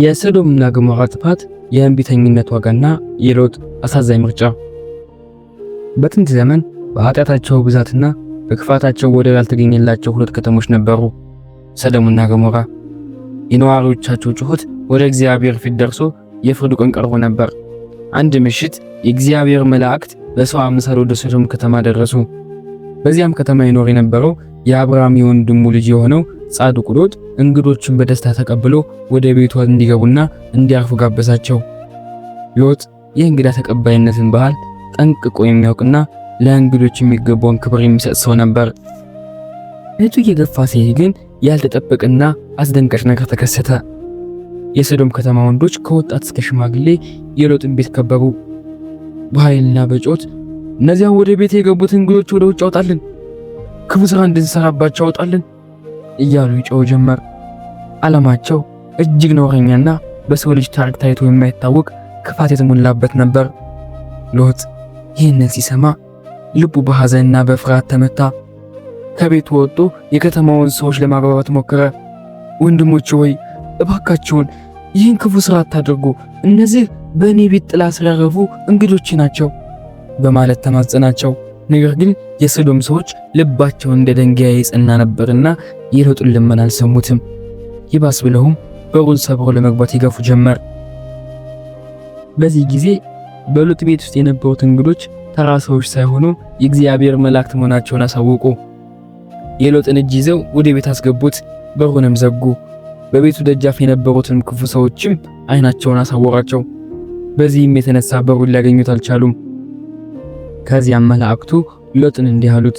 የሰዶምና ገሞራ ጥፋት፣ የእንቢተኝነት ዋጋና የሎጥ አሳዛኝ ምርጫ። በጥንት ዘመን በኃጢአታቸው ብዛትና በክፋታቸው ወደር ያልተገኘላቸው ሁለት ከተሞች ነበሩ፣ ሰዶምና ገሞራ። የነዋሪዎቻቸው ጩኸት ወደ እግዚአብሔር ፊት ደርሶ የፍርዱ ቀን ቀርቦ ነበር። አንድ ምሽት የእግዚአብሔር መላእክት በሰው አምሳል ወደ ሰዶም ከተማ ደረሱ። በዚያም ከተማ ይኖር የነበረው የአብርሃም የወንድሙ ልጅ የሆነው ጻድቁ ሎጥ እንግዶችን በደስታ ተቀብሎ ወደ ቤቱ እንዲገቡና እንዲያርፉ ጋበዛቸው። ሎጥ የእንግዳ ተቀባይነትን ባህል ጠንቅቆ የሚያውቅና ለእንግዶች የሚገባውን ክብር የሚሰጥ ሰው ነበር። እህቱ እየገፋ ሲሄድ ግን ያልተጠበቀና አስደንጋጭ ነገር ተከሰተ። የሰዶም ከተማ ወንዶች ከወጣት እስከ ሽማግሌ የሎጥን ቤት ከበቡ። በኃይልና በጮት እነዚያን ወደ ቤት የገቡት እንግዶች ወደ ውጭ አውጣልን ክፉ ስራ እንድንሰራባቸው አውጣልን እያሉ ይጮው ጀመር። ዓላማቸው እጅግ ነውረኛና በሰው ልጅ ታሪክ ታይቶ የማይታወቅ ክፋት የተሞላበት ነበር። ሎጥ ይህንን ሲሰማ ልቡ በሐዘንና በፍርሃት ተመታ። ከቤቱ ወጥቶ የከተማውን ሰዎች ለማግባባት ሞከረ። ወንድሞቼ ሆይ እባካችሁን ይህን ክፉ ስራ አታድርጉ፣ እነዚህ በእኔ ቤት ጥላ ስላረፉ እንግዶች ናቸው በማለት ተማጸናቸው። ነገር ግን የሰዶም ሰዎች ልባቸው እንደ ድንጋይ የጸና ነበርና የሎጥን ልመና አልሰሙትም። ይባስ ብለውም በሩን ሰብሮ ለመግባት ይገፉ ጀመር። በዚህ ጊዜ በሎጥ ቤት ውስጥ የነበሩት እንግዶች ተራ ሰዎች ሳይሆኑ የእግዚአብሔር መላእክት መሆናቸውን አሳወቁ። የሎጥን እጅ ይዘው ወደ ቤት አስገቡት፣ በሩንም ዘጉ። በቤቱ ደጃፍ የነበሩትን ክፉ ሰዎችም አይናቸውን አሳወራቸው። በዚህም የተነሳ በሩን ሊያገኙት አልቻሉም። ከዚያም መላእክቱ ሎጥን እንዲህ አሉት፣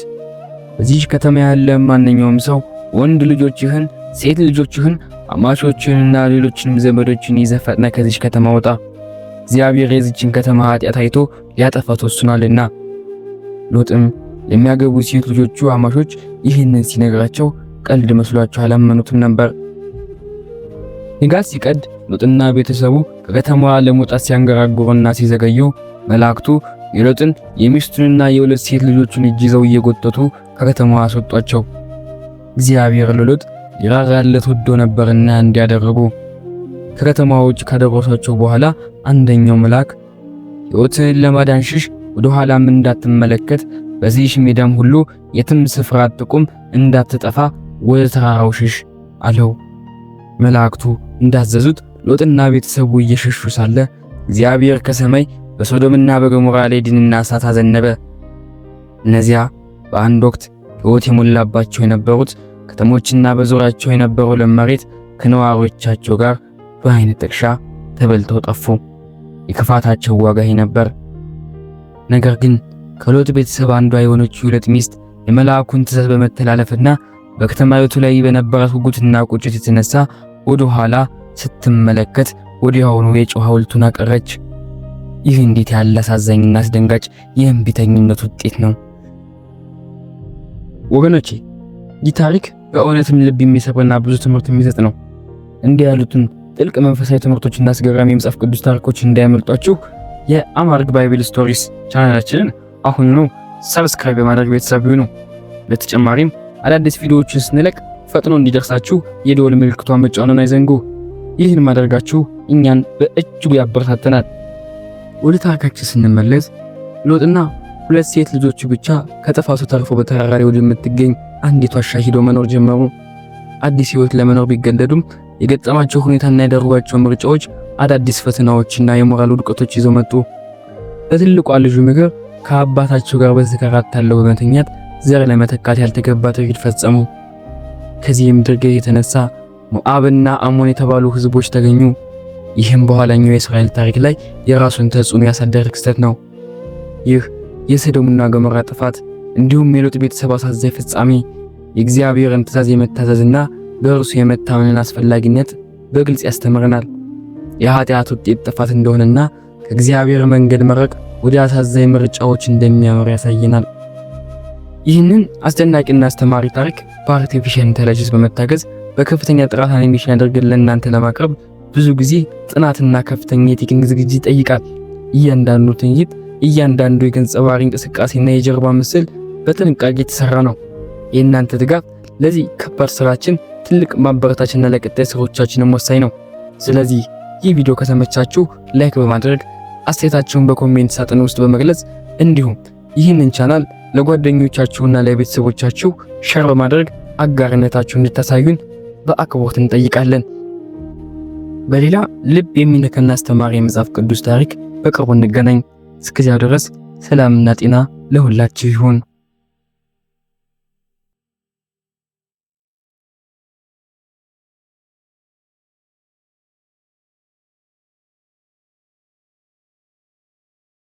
በዚህ ከተማ ያለ ማንኛውም ሰው ወንድ ልጆችህን፣ ሴት ልጆችህን፣ አማቾችህንና ሌሎችንም ዘመዶችን ይዘህ ፈጥነህ ከዚህ ከተማ ወጣ። እግዚአብሔር የዚችን ከተማ ኃጢአት አይቶ ሊያጠፋ ተወስኗልና። ሎጥም የሚያገቡ ሴት ልጆቹ አማሾች ይህንን ሲነግራቸው ቀልድ መስሏቸው አላመኑትም ነበር። ንጋት ሲቀድ ሎጥና ቤተሰቡ ከከተማዋ ለመውጣት ሲያንገራግሩና ሲዘገዩ መላእክቱ የሎጥን የሚስቱንና የሁለት ሴት ልጆቹን እጅ ይዘው እየጎተቱ ከከተማዋ አስወጧቸው። እግዚአብሔር ለሎጥ የራራለት ወዶ ነበርና እንዲያደረጉ። ከከተማዎች ካደረሷቸው በኋላ አንደኛው መልአክ ሕይወትህን ለማዳን ሽሽ፣ ወደ ኋላም እንዳትመለከት፣ በዚህ ሜዳም ሁሉ የትም ስፍራ አትቁም፣ እንዳትጠፋ ወደ ተራራው ሽሽ አለው። መላእክቱ እንዳዘዙት ሎጥና ቤተሰቡ እየሸሹ ሳለ እግዚአብሔር ከሰማይ በሶዶምና በገሞራ ላይ ድንና እሳት አዘነበ። እነዚያ በአንድ ወቅት ሕይወት የሞላባቸው የነበሩት ከተሞችና በዙሪያቸው የነበረው ለም መሬት ከነዋሪዎቻቸው ጋር በአይነት ጥቅሻ ተበልተው ጠፉ። የክፋታቸው ዋጋ ነበር። ነገር ግን ከሎጥ ቤተሰብ አንዷ የሆነችው ሁለት ሚስት የመልአኩን ትእዛዝ በመተላለፍና በከተማይቱ ላይ በነበራት ጉጉትና ቁጭት የተነሳ ወደ ኋላ ስትመለከት ወዲያውኑ የጨው ሐውልቱን አቀረች። ይህ እንዴት ያለ አሳዛኝና አስደንጋጭ የእምቢተኝነት ውጤት ነው! ወገኖቼ ይህ ታሪክ በእውነትም ልብ የሚሰብርና ብዙ ትምህርት የሚሰጥ ነው። እንዲህ ያሉትን ጥልቅ መንፈሳዊ ትምህርቶችና አስገራሚ የመጽሐፍ ቅዱስ ታሪኮች እንዳያመልጧችሁ የአማርግ ባይብል ስቶሪስ ቻናላችንን አሁን ነው ሰብስክራይብ በማድረግ ቤተሰብ ነው። በተጨማሪም አዳዲስ ቪዲዮዎችን ስንለቅ ፈጥኖ እንዲደርሳችሁ የደወል ምልክቷን መጫኑን አይዘንጉ። ይህን ማድረጋችሁ እኛን በእጅጉ ያበረታተናል። ወደ ታሪካችን ስንመለስ ሎጥና ሁለት ሴት ልጆቹ ብቻ ከጥፋቱ ተርፎ በተራራሪ ወደ ወደምትገኝ አንዲት ዋሻ ሂደው መኖር ጀመሩ። አዲስ ህይወት ለመኖር ቢገደዱም የገጠማቸው ሁኔታና ያደረጓቸው ምርጫዎች አዳዲስ ፈተናዎችና የሞራል ውድቀቶች ይዘው መጡ። በትልቋ ልጁ ምክር ከአባታቸው ጋር በስካራት ታለው በመተኛት ዘር ለመተካት ያልተገባ ትርኢት ፈጸሙ። ከዚህም ድርጊት የተነሳ ሞአብና አሞን የተባሉ ህዝቦች ተገኙ። ይህም በኋላኛው የእስራኤል ታሪክ ላይ የራሱን ተጽዕኖ ያሳደረ ክስተት ነው። ይህ የሰዶምና ገሞራ ጥፋት እንዲሁም የሎጥ ቤተሰብ አሳዛኝ ፍጻሜ የእግዚአብሔርን ትእዛዝ የመታዘዝና በእርሱ የመታመንን አስፈላጊነት በግልጽ ያስተምረናል። የኃጢአት ውጤት ጥፋት እንደሆነና ከእግዚአብሔር መንገድ መረቅ ወደ አሳዛኝ ምርጫዎች እንደሚያመራ ያሳየናል። ይህንን አስደናቂና አስተማሪ ታሪክ በአርቲፊሻል ኢንተለጀንስ በመታገዝ በከፍተኛ ጥራት አኒሜሽን አድርገን ለእናንተ ለማቅረብ ብዙ ጊዜ ጥናትና ከፍተኛ የቴክኒክ ዝግጅት ይጠይቃል። እያንዳንዱ ትዕይንት፣ እያንዳንዱ የገንጸባሪ እንቅስቃሴና የጀርባ ምስል በጥንቃቄ የተሰራ ነው። የእናንተ ድጋፍ ለዚህ ከባድ ስራችን ትልቅ ማበረታችንና ለቀጣይ ስራዎቻችንም ወሳኝ ነው። ስለዚህ ይህ ቪዲዮ ከተመቻችሁ ላይክ በማድረግ አስተያየታችሁን በኮሜንት ሳጥን ውስጥ በመግለጽ እንዲሁም ይህንን ቻናል ለጓደኞቻችሁና ለቤተሰቦቻችሁ ሸር በማድረግ አጋርነታችሁ እንድታሳዩን በአክብሮት እንጠይቃለን። በሌላ ልብ የሚነካና አስተማሪ የመጽሐፍ ቅዱስ ታሪክ በቅርቡ እንገናኝ። እስከዚያው ድረስ ሰላምና ጤና ለሁላችሁ ይሁን።